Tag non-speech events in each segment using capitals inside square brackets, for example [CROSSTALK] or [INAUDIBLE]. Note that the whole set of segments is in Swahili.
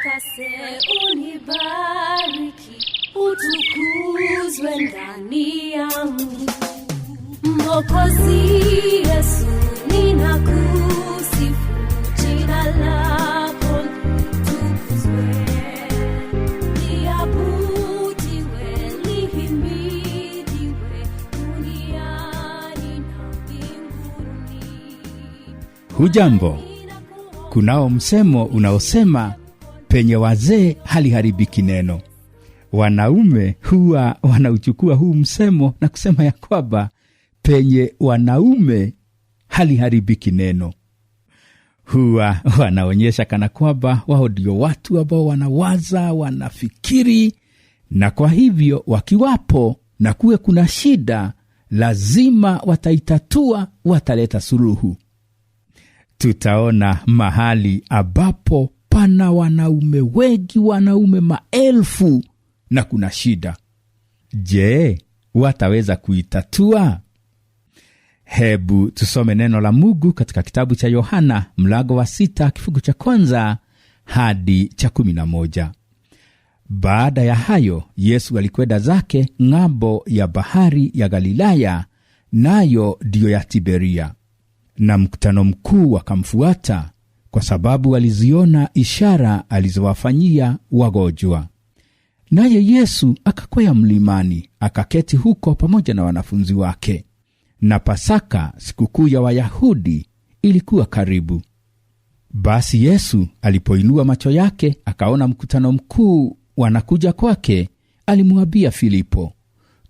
utakase, unibariki, utukuzwe ndani yangu. Mwokozi Yesu, ninakusifu, jina la litukuzwe. Hujambo? Kunao msemo unaosema penye wazee haliharibiki neno. Wanaume huwa wanauchukua huu msemo na kusema ya kwamba penye wanaume haliharibiki neno. Huwa wanaonyesha kana kwamba wao ndio watu ambao wanawaza, wanafikiri, na kwa hivyo wakiwapo na kuwe kuna shida, lazima wataitatua, wataleta suluhu. Tutaona mahali ambapo pana wanaume wengi, wanaume maelfu, na kuna shida. Je, wataweza kuitatua? Hebu tusome neno la Mungu katika kitabu cha Yohana mlango wa sita kifungu cha kwanza hadi cha kumi na moja. Baada ya hayo Yesu alikwenda zake ng'ambo ya bahari ya Galilaya, nayo ndiyo ya Tiberia, na mkutano mkuu wakamfuata, kwa sababu aliziona ishara alizowafanyia wagonjwa. Naye Yesu akakwea mlimani akaketi huko pamoja na wanafunzi wake, na Pasaka, sikukuu ya Wayahudi, ilikuwa karibu. Basi Yesu alipoinua macho yake akaona mkutano mkuu wanakuja kwake, alimwambia Filipo,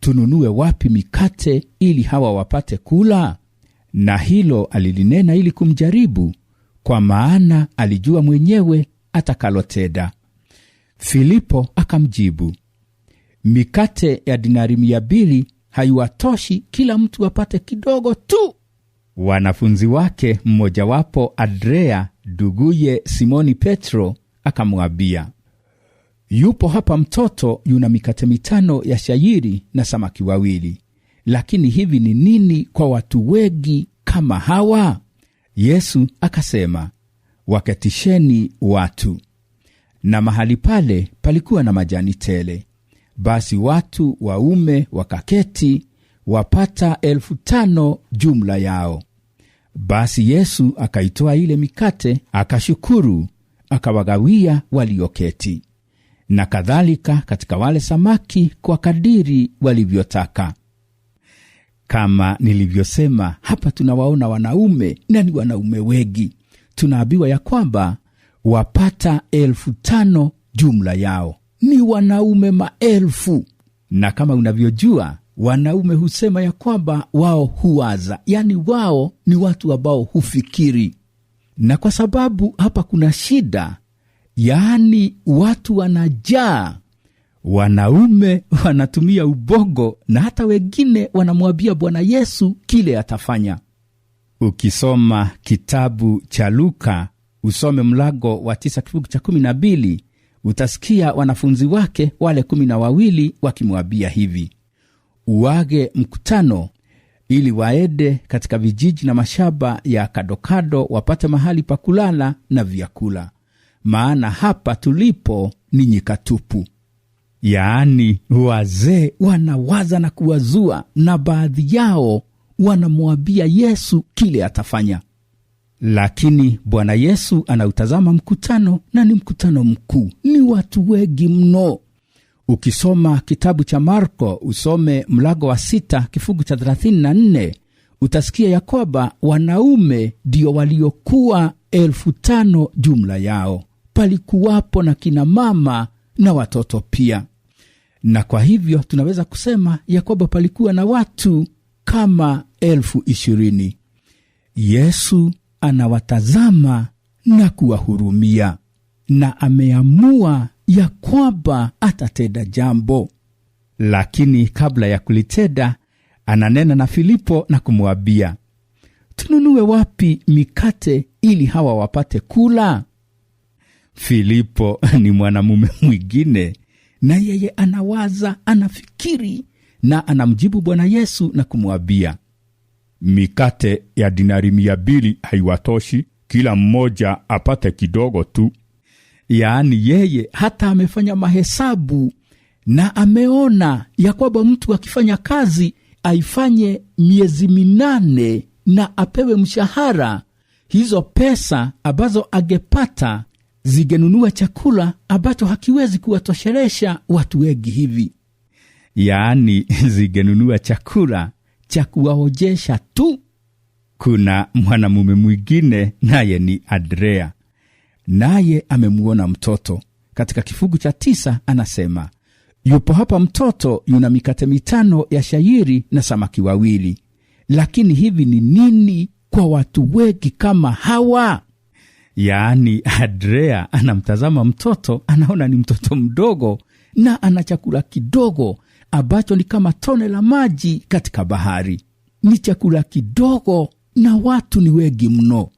tununue wapi mikate ili hawa wapate kula? Na hilo alilinena ili kumjaribu, kwa maana alijua mwenyewe atakaloteda Filipo akamjibu, mikate ya dinari mia mbili haiwatoshi kila mtu apate kidogo tu. Wanafunzi wake mmojawapo Andrea duguye Simoni Petro akamwambia, yupo hapa mtoto yuna mikate mitano ya shayiri na samaki wawili, lakini hivi ni nini kwa watu wengi kama hawa? Yesu akasema, wakatisheni watu. Na mahali pale palikuwa na majani tele. Basi watu waume wakaketi wapata elfu tano jumla yao. Basi Yesu akaitoa ile mikate, akashukuru, akawagawia walioketi, na kadhalika katika wale samaki kwa kadiri walivyotaka. Kama nilivyosema hapa, tunawaona wanaume na ni wanaume wengi. Tunaambiwa ya kwamba wapata elfu tano jumla yao ni wanaume maelfu, na kama unavyojua wanaume husema ya kwamba wao huwaza, yaani wao ni watu ambao hufikiri, na kwa sababu hapa kuna shida, yaani watu wanajaa Wanaume [LAUGHS] wanatumia ubogo na hata wengine wanamwambia Bwana Yesu kile atafanya. Ukisoma kitabu cha Luka usome mlango wa tisa kifungu cha kumi na mbili utasikia wanafunzi wake wale kumi na wawili wakimwambia hivi, uage mkutano ili waende katika vijiji na mashamba ya kadokado wapate mahali pa kulala na vyakula, maana hapa tulipo ni nyika tupu. Yaani, wazee wanawaza na kuwazua, na baadhi yao wanamwambia Yesu kile atafanya. Lakini Bwana Yesu anautazama mkutano, na ni mkutano mkuu, ni watu wengi mno. Ukisoma kitabu cha Marko usome mlango wa sita kifungu cha 34 utasikia ya kwamba wanaume ndio waliokuwa elfu tano jumla yao, palikuwapo na kina mama na watoto pia na kwa hivyo tunaweza kusema ya kwamba palikuwa na watu kama elfu ishirini. Yesu anawatazama na kuwahurumia na ameamua ya kwamba atatenda jambo, lakini kabla ya kulitenda ananena na Filipo na kumwambia, tununue wapi mikate ili hawa wapate kula? Filipo [LAUGHS] ni mwanamume mwingine na yeye anawaza, anafikiri na anamjibu Bwana Yesu na kumwambia, mikate ya dinari mia bili haiwatoshi kila mmoja apate kidogo tu. Yaani yeye hata amefanya mahesabu na ameona ya kwamba mtu akifanya kazi aifanye miezi minane na apewe mshahara, hizo pesa ambazo angepata zingenunua chakula ambacho hakiwezi kuwatoshelesha watu wengi hivi, yaani [LAUGHS] zingenunua chakula cha kuwaojesha tu. Kuna mwanamume mwingine naye ni Andrea, naye amemuona mtoto katika kifungu cha tisa, anasema yupo hapa mtoto yuna mikate mitano ya shayiri na samaki wawili, lakini hivi ni nini kwa watu wengi kama hawa? Yaani, Andrea anamtazama mtoto, anaona ni mtoto mdogo na ana chakula kidogo ambacho ni kama tone la maji katika bahari. Ni chakula kidogo na watu ni wengi mno.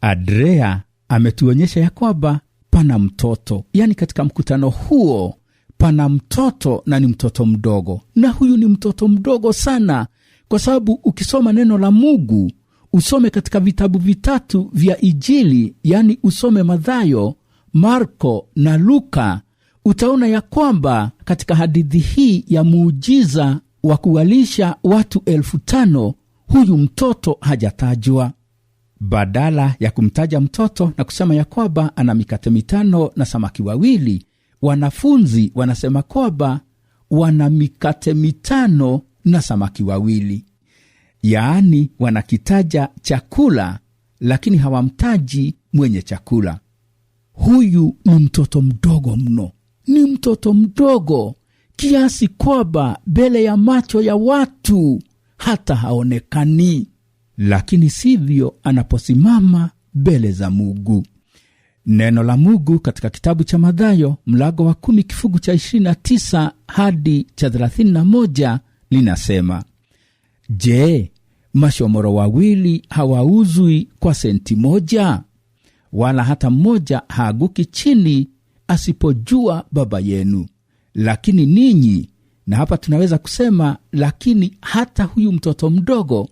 Andrea ametuonyesha ya kwamba pana mtoto, yaani katika mkutano huo pana mtoto na ni mtoto mdogo, na huyu ni mtoto mdogo sana, kwa sababu ukisoma neno la Mungu usome katika vitabu vitatu vya Injili, yaani usome Mathayo, Marko na Luka, utaona ya kwamba katika hadithi hii ya muujiza wa kuwalisha watu elfu tano huyu mtoto hajatajwa. Badala ya kumtaja mtoto na kusema ya kwamba ana mikate mitano na samaki wawili, wanafunzi wanasema kwamba wana mikate mitano na samaki wawili yaani wanakitaja chakula, lakini hawamtaji mwenye chakula. Huyu ni mtoto mdogo mno, ni mtoto mdogo kiasi kwamba mbele ya macho ya watu hata haonekani, lakini sivyo anaposimama mbele za mugu Neno la mugu katika kitabu cha madhayo mlago wa 1 kifungu cha 29 hadi cha 31 linasema, Je, mashomoro wawili hawauzwi kwa senti moja? Wala hata mmoja haaguki chini asipojua Baba yenu. Lakini ninyi, na hapa tunaweza kusema lakini hata huyu mtoto mdogo,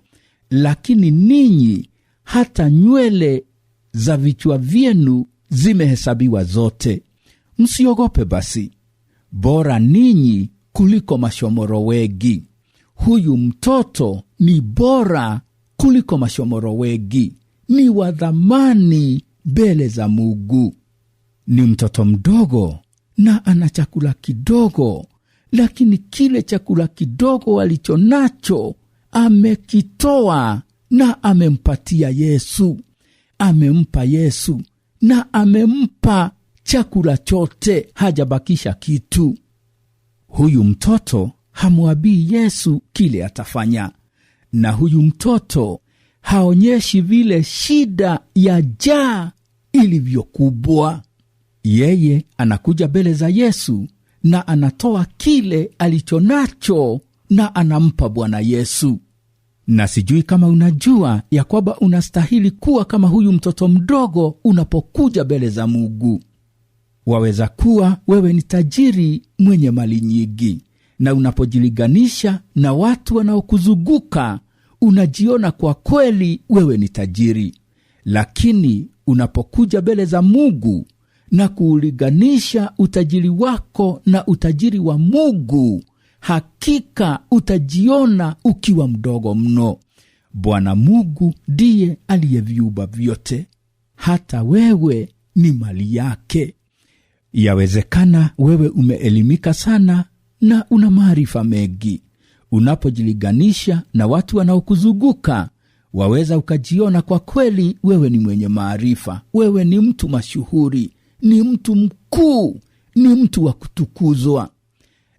lakini ninyi, hata nywele za vichwa vyenu zimehesabiwa zote. Msiogope basi, bora ninyi kuliko mashomoro wegi huyu mtoto ni bora kuliko mashomoro wegi ni wa dhamani mbele za mugu Ni mtoto mdogo na ana chakula kidogo, lakini kile chakula kidogo alicho nacho amekitoa na amempatia Yesu, amempa Yesu na amempa chakula chote, hajabakisha kitu. Huyu mtoto hamwabii Yesu kile atafanya, na huyu mtoto haonyeshi vile shida ya jaa ilivyokubwa. Yeye anakuja mbele za Yesu na anatoa kile alichonacho na anampa Bwana Yesu. Na sijui kama unajua ya kwamba unastahili kuwa kama huyu mtoto mdogo unapokuja mbele za Mungu. Waweza kuwa wewe ni tajiri mwenye mali nyingi, na unapojiliganisha na watu wanaokuzunguka unajiona kwa kweli wewe ni tajiri, lakini unapokuja mbele za Mungu na kuuliganisha utajiri wako na utajiri wa Mungu, hakika utajiona ukiwa mdogo mno. Bwana Mungu ndiye aliyeviumba vyote, hata wewe ni mali yake. Yawezekana wewe umeelimika sana na una maarifa mengi. Unapojilinganisha na watu wanaokuzunguka, waweza ukajiona kwa kweli wewe ni mwenye maarifa, wewe ni mtu mashuhuri, ni mtu mkuu, ni mtu wa kutukuzwa.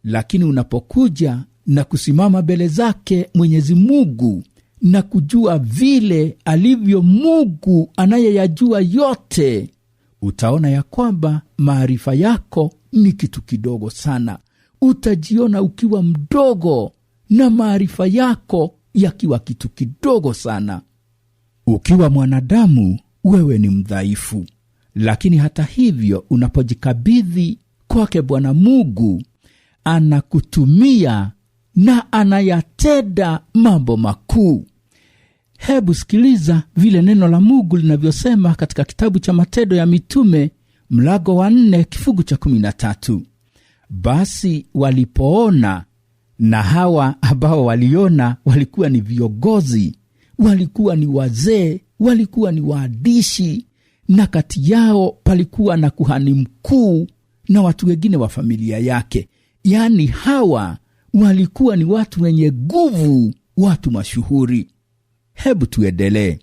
Lakini unapokuja na kusimama mbele zake Mwenyezi Mungu na kujua vile alivyo Mungu anayeyajua yote, utaona ya kwamba maarifa yako ni kitu kidogo sana utajiona ukiwa mdogo na maarifa yako yakiwa kitu kidogo sana. Ukiwa mwanadamu, wewe ni mdhaifu, lakini hata hivyo, unapojikabidhi kwake Bwana Mungu, anakutumia na anayatenda mambo makuu. Hebu sikiliza vile neno la Mungu linavyosema katika kitabu cha Matendo ya Mitume mlago wa nne kifungu cha kumi na tatu. Basi walipoona, na hawa ambao waliona walikuwa ni viongozi, walikuwa ni wazee, walikuwa ni waandishi, na kati yao palikuwa na kuhani mkuu na watu wengine wa familia yake. Yaani hawa walikuwa ni watu wenye nguvu, watu mashuhuri. Hebu tuendelee.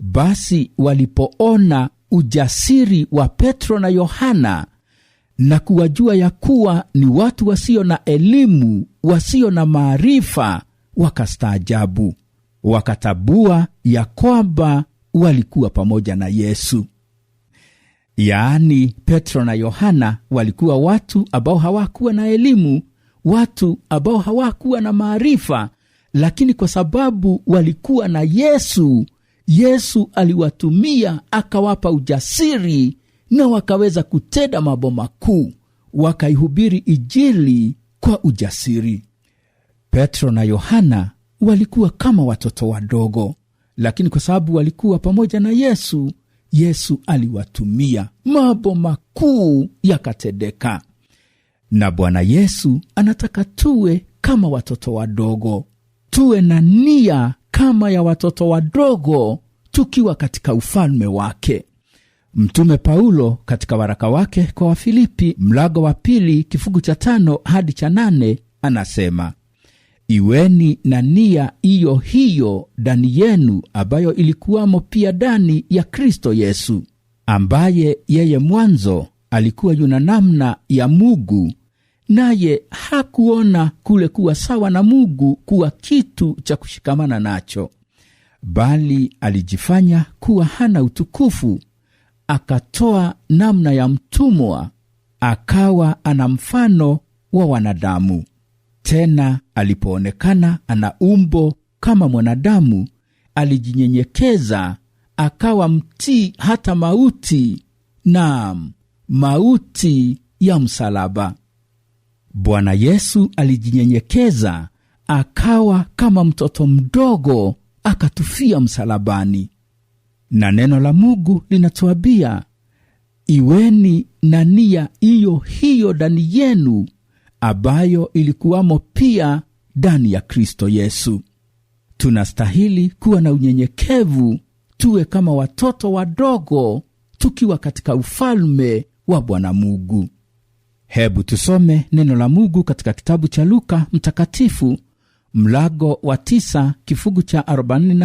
Basi walipoona ujasiri wa Petro na Yohana na kuwajua ya kuwa ni watu wasio na elimu, wasio na maarifa, wakastaajabu, wakatabua ya kwamba walikuwa pamoja na Yesu. Yaani, Petro na Yohana walikuwa watu ambao hawakuwa na elimu, watu ambao hawakuwa na maarifa, lakini kwa sababu walikuwa na Yesu, Yesu aliwatumia akawapa ujasiri na wakaweza kuteda mambo makuu, wakaihubiri ijili kwa ujasiri. Petro na Yohana walikuwa kama watoto wadogo, lakini kwa sababu walikuwa pamoja na Yesu, Yesu aliwatumia, mambo makuu yakatendeka. Na Bwana Yesu anataka tuwe kama watoto wadogo, tuwe na nia kama ya watoto wadogo, tukiwa katika ufalme wake. Mtume Paulo katika waraka wake kwa Wafilipi mlago wa pili kifungu cha tano hadi cha nane anasema Iweni na nia iyo hiyo ndani yenu, ambayo ilikuwamo pia ndani ya Kristo Yesu, ambaye yeye mwanzo alikuwa yuna namna ya Mungu, naye hakuona kule kuwa sawa na Mungu kuwa kitu cha kushikamana nacho, bali alijifanya kuwa hana utukufu akatoa namna ya mtumwa, akawa ana mfano wa wanadamu. Tena alipoonekana ana umbo kama mwanadamu, alijinyenyekeza akawa mtii hata mauti, nam mauti ya msalaba. Bwana Yesu alijinyenyekeza akawa kama mtoto mdogo, akatufia msalabani na neno la Mungu linatuambia iweni na nia hiyo hiyo ndani yenu ambayo ilikuwamo pia ndani ya Kristo Yesu. Tunastahili kuwa na unyenyekevu, tuwe kama watoto wadogo tukiwa katika ufalme wa Bwana Mungu. Hebu tusome neno la Mungu katika kitabu cha Luka mtakatifu mlago wa tisa kifungu cha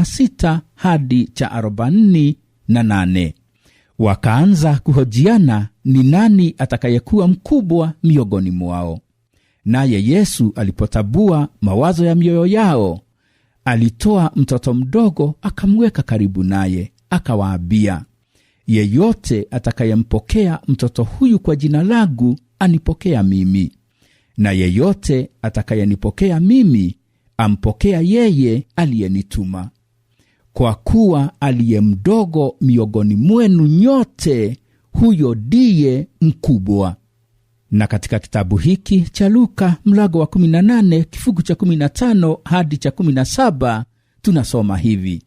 sita hadi cha nane Wakaanza kuhojiana ni nani atakayekuwa mkubwa miongoni mwao. Naye Yesu alipotabua mawazo ya mioyo yao, alitoa mtoto mdogo akamweka karibu naye, akawaambia, yeyote atakayempokea mtoto huyu kwa jina langu anipokea mimi, na yeyote atakayenipokea mimi ampokea yeye aliyenituma. Kwa kuwa aliye mdogo miongoni mwenu nyote, huyo ndiye mkubwa. Na katika kitabu hiki cha Luka mlago wa 18 kifugu cha 15 hadi cha 17 tunasoma hivi: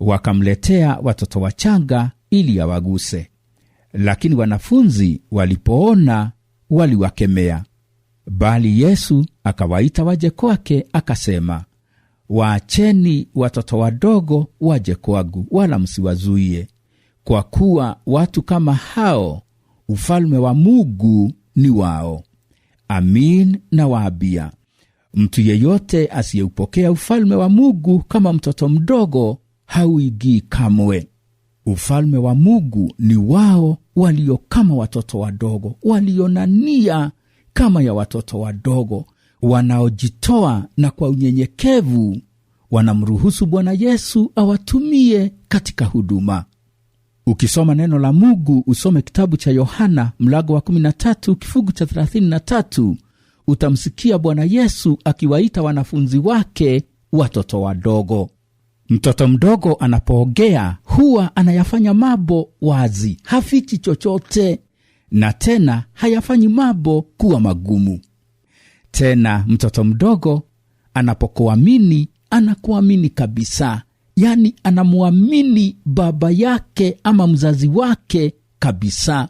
wakamletea watoto wachanga ili awaguse, lakini wanafunzi walipoona waliwakemea. Bali Yesu akawaita waje kwake, akasema, waacheni watoto wadogo waje kwangu, wala msiwazuie, kwa kuwa watu kama hao ufalme wa Mungu ni wao. Amin na waabia mtu yeyote asiyeupokea ufalme wa Mungu kama mtoto mdogo hauigii kamwe. Ufalme wa Mungu ni wao walio kama watoto wadogo, walio na nia kama ya watoto wadogo wanaojitoa na kwa unyenyekevu wanamruhusu Bwana Yesu awatumie katika huduma. Ukisoma neno la Mungu, usome kitabu cha Yohana mlago wa 13 kifungu cha 33, utamsikia Bwana Yesu akiwaita wanafunzi wake watoto wadogo. Mtoto mdogo anapoogea huwa anayafanya mambo wazi, hafichi chochote na tena hayafanyi mambo kuwa magumu. Tena mtoto mdogo anapokuamini anakuamini kabisa, yaani anamwamini baba yake ama mzazi wake kabisa.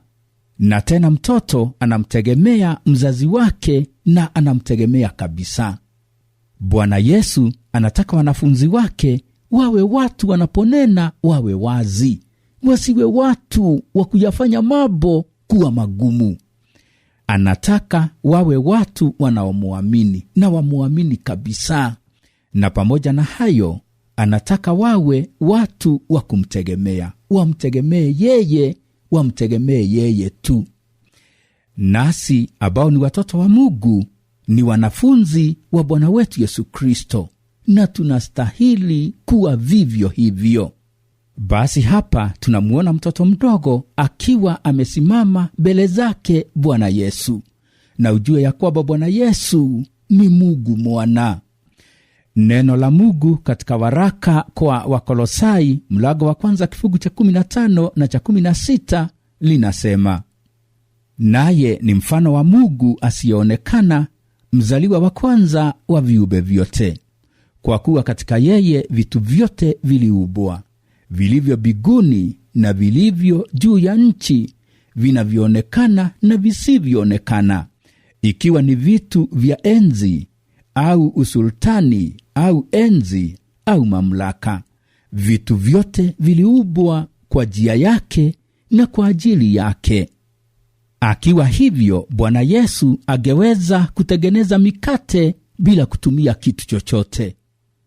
Na tena mtoto anamtegemea mzazi wake na anamtegemea kabisa. Bwana Yesu anataka wanafunzi wake wawe watu wanaponena wawe wazi, wasiwe watu wa kuyafanya mambo kuwa magumu. Anataka wawe watu wanaomwamini na wamwamini kabisa, na pamoja na hayo, anataka wawe watu wa kumtegemea, wamtegemee yeye, wamtegemee yeye tu. Nasi ambao ni watoto wa Mungu ni wanafunzi wa Bwana wetu Yesu Kristo, na tunastahili kuwa vivyo hivyo. Basi hapa tunamwona mtoto mdogo akiwa amesimama mbele zake Bwana Yesu, na ujue ya kwamba Bwana Yesu ni mugu mwana. Neno la mugu katika waraka kwa Wakolosai mlago wa kwanza kifungu cha 15 na cha 16 linasema, naye ni mfano wa mugu asiyeonekana, mzaliwa wa kwanza wa viumbe vyote, kwa kuwa katika yeye vitu vyote viliubwa vilivyo biguni na vilivyo juu ya nchi, vinavyoonekana na visivyoonekana, ikiwa ni vitu vya enzi au usultani au enzi au mamlaka. Vitu vyote viliubwa kwa jia yake na kwa ajili yake. Akiwa hivyo, Bwana Yesu angeweza kutengeneza mikate bila kutumia kitu chochote,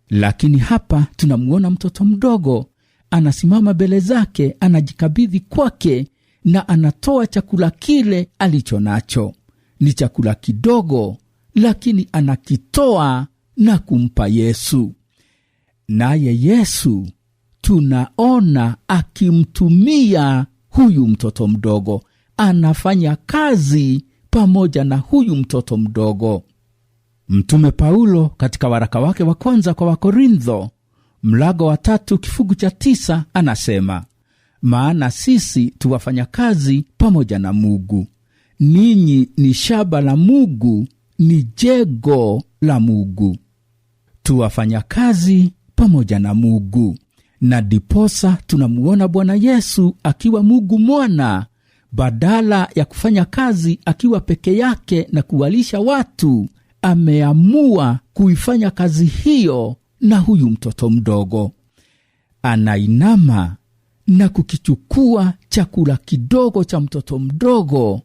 lakini hapa tunamwona mtoto mdogo anasimama mbele zake, anajikabidhi kwake na anatoa chakula kile alicho nacho. Ni chakula kidogo, lakini anakitoa na kumpa Yesu, naye Yesu tunaona akimtumia huyu mtoto mdogo, anafanya kazi pamoja na huyu mtoto mdogo. Mtume Paulo katika waraka wake wa kwanza kwa Wakorintho mlago wa tatu kifungu cha tisa anasema maana sisi tuwafanya kazi pamoja na mugu ninyi ni shaba la mugu ni jego la mugu tuwafanya kazi pamoja na mugu na diposa tunamuona Bwana Yesu akiwa mugu mwana badala ya kufanya kazi akiwa peke yake na kuwalisha watu, ameamua kuifanya kazi hiyo na huyu mtoto mdogo. Anainama na kukichukua chakula kidogo cha mtoto mdogo,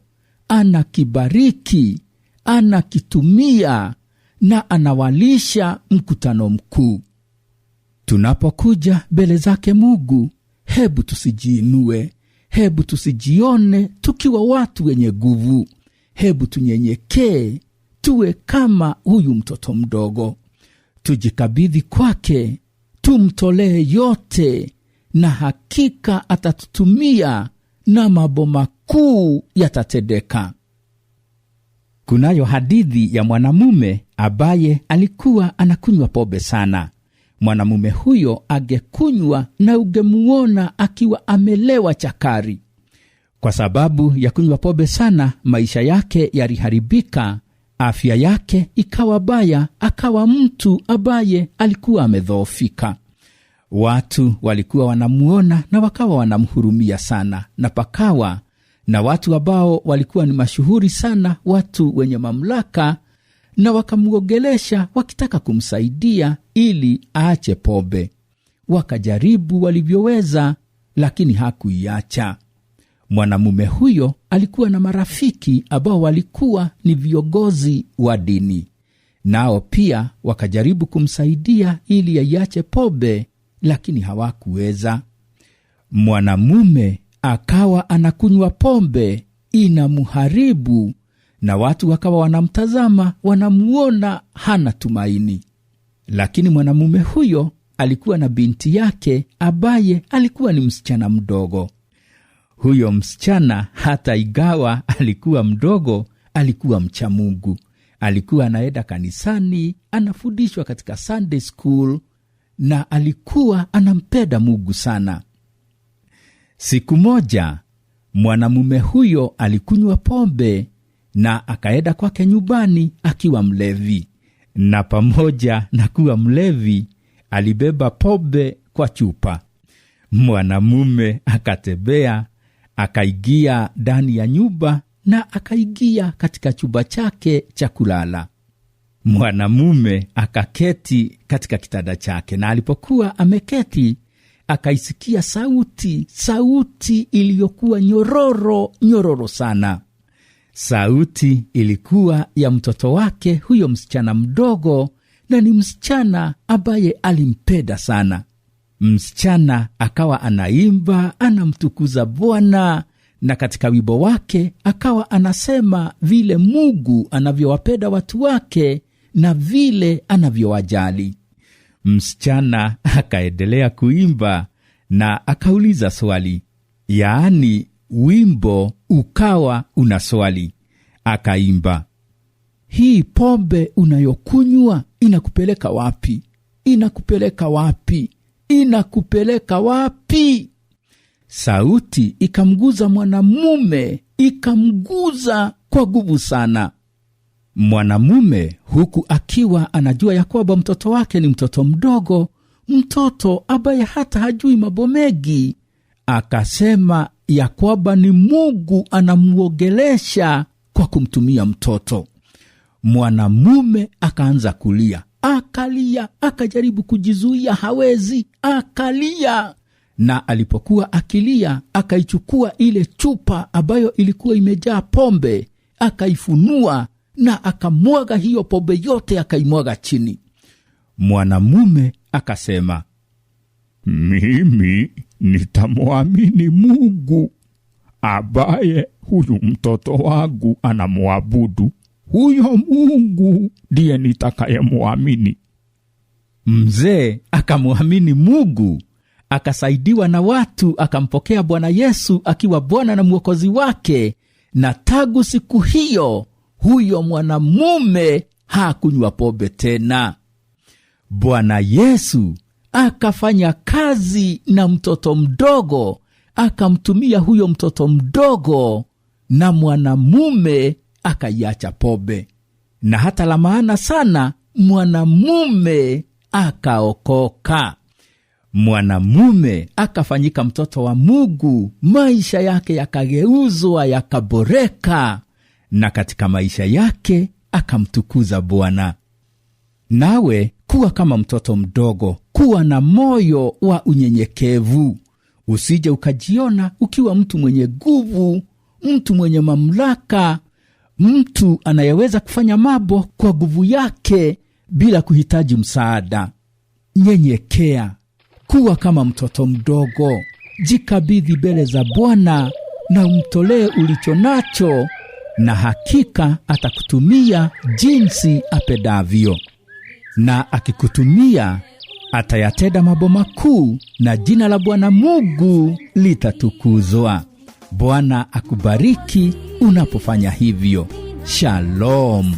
anakibariki, anakitumia na anawalisha mkutano mkuu. Tunapokuja mbele zake Mungu, hebu tusijiinue, hebu tusijione tukiwa watu wenye nguvu. Hebu tunyenyekee, tuwe kama huyu mtoto mdogo tujikabidhi kwake, tumtolee yote, na hakika atatutumia na mambo makuu yatatendeka. Kunayo hadithi ya mwanamume ambaye alikuwa anakunywa pobe sana. Mwanamume huyo angekunywa na ungemuona akiwa amelewa chakari. Kwa sababu ya kunywa pobe sana, maisha yake yaliharibika afya yake ikawa baya, akawa mtu ambaye alikuwa amedhoofika. Watu walikuwa wanamuona na wakawa wanamhurumia sana, na pakawa na watu ambao walikuwa ni mashuhuri sana, watu wenye mamlaka, na wakamwogelesha wakitaka kumsaidia ili aache pombe. Wakajaribu walivyoweza, lakini hakuiacha. Mwanamume huyo alikuwa na marafiki ambao walikuwa ni viongozi wa dini, nao pia wakajaribu kumsaidia ili yaiache pombe, lakini hawakuweza. Mwanamume akawa anakunywa pombe, inamharibu na watu wakawa wanamtazama, wanamuona hana tumaini. Lakini mwanamume huyo alikuwa na binti yake ambaye alikuwa ni msichana mdogo. Huyo msichana hata igawa alikuwa mdogo, alikuwa mcha Mungu, alikuwa anaenda kanisani, anafundishwa katika Sunday school na alikuwa anampenda Mungu sana. Siku moja mwanamume huyo alikunywa pombe na akaenda kwake nyumbani akiwa mlevi, na pamoja na kuwa mlevi alibeba pombe kwa chupa. Mwanamume akatembea Akaingia ndani ya nyumba na akaingia katika chumba chake cha kulala. Mwanamume akaketi katika kitanda chake, na alipokuwa ameketi akaisikia sauti, sauti iliyokuwa nyororo nyororo sana. Sauti ilikuwa ya mtoto wake huyo msichana mdogo, na ni msichana ambaye alimpenda sana. Msichana akawa anaimba anamtukuza Bwana, na katika wimbo wake akawa anasema vile Mungu anavyowapenda watu wake na vile anavyowajali. Msichana akaendelea kuimba na akauliza swali, yaani wimbo ukawa una swali. Akaimba, hii pombe unayokunywa inakupeleka wapi? Inakupeleka wapi? inakupeleka wapi? Sauti ikamguza mwanamume, ikamguza kwa nguvu sana. Mwanamume huku akiwa anajua ya kwamba mtoto wake ni mtoto mdogo, mtoto ambaye hata hajui mambo mengi, akasema ya kwamba ni Mungu anamwogelesha kwa kumtumia mtoto. Mwanamume akaanza kulia, akalia, akajaribu kujizuia, hawezi, akalia. Na alipokuwa akilia, akaichukua ile chupa ambayo ilikuwa imejaa pombe, akaifunua na akamwaga hiyo pombe yote, akaimwaga chini. Mwanamume akasema, mimi nitamwamini Mungu ambaye huyu mtoto wangu anamwabudu huyo Mungu ndiye nitakayemwamini. Mzee akamwamini Mungu, akasaidiwa na watu, akampokea Bwana Yesu akiwa Bwana na Mwokozi wake, na tangu siku hiyo huyo mwanamume hakunywa pombe tena. Bwana Yesu akafanya kazi na mtoto mdogo, akamtumia huyo mtoto mdogo na mwanamume akaiacha pombe, na hata la maana sana, mwanamume akaokoka, mwanamume akafanyika mtoto wa mugu maisha yake yakageuzwa, yakaboreka, na katika maisha yake akamtukuza Bwana. Nawe kuwa kama mtoto mdogo, kuwa na moyo wa unyenyekevu, usije ukajiona ukiwa mtu mwenye nguvu, mtu mwenye mamlaka, mtu anayeweza kufanya mambo kwa nguvu yake bila kuhitaji msaada. Nyenyekea, kuwa kama mtoto mdogo, jikabidhi mbele za Bwana na umtolee ulicho nacho, na hakika atakutumia jinsi apendavyo, na akikutumia atayatenda mambo makuu, na jina la Bwana Mungu litatukuzwa. Bwana akubariki unapofanya hivyo. Shalom.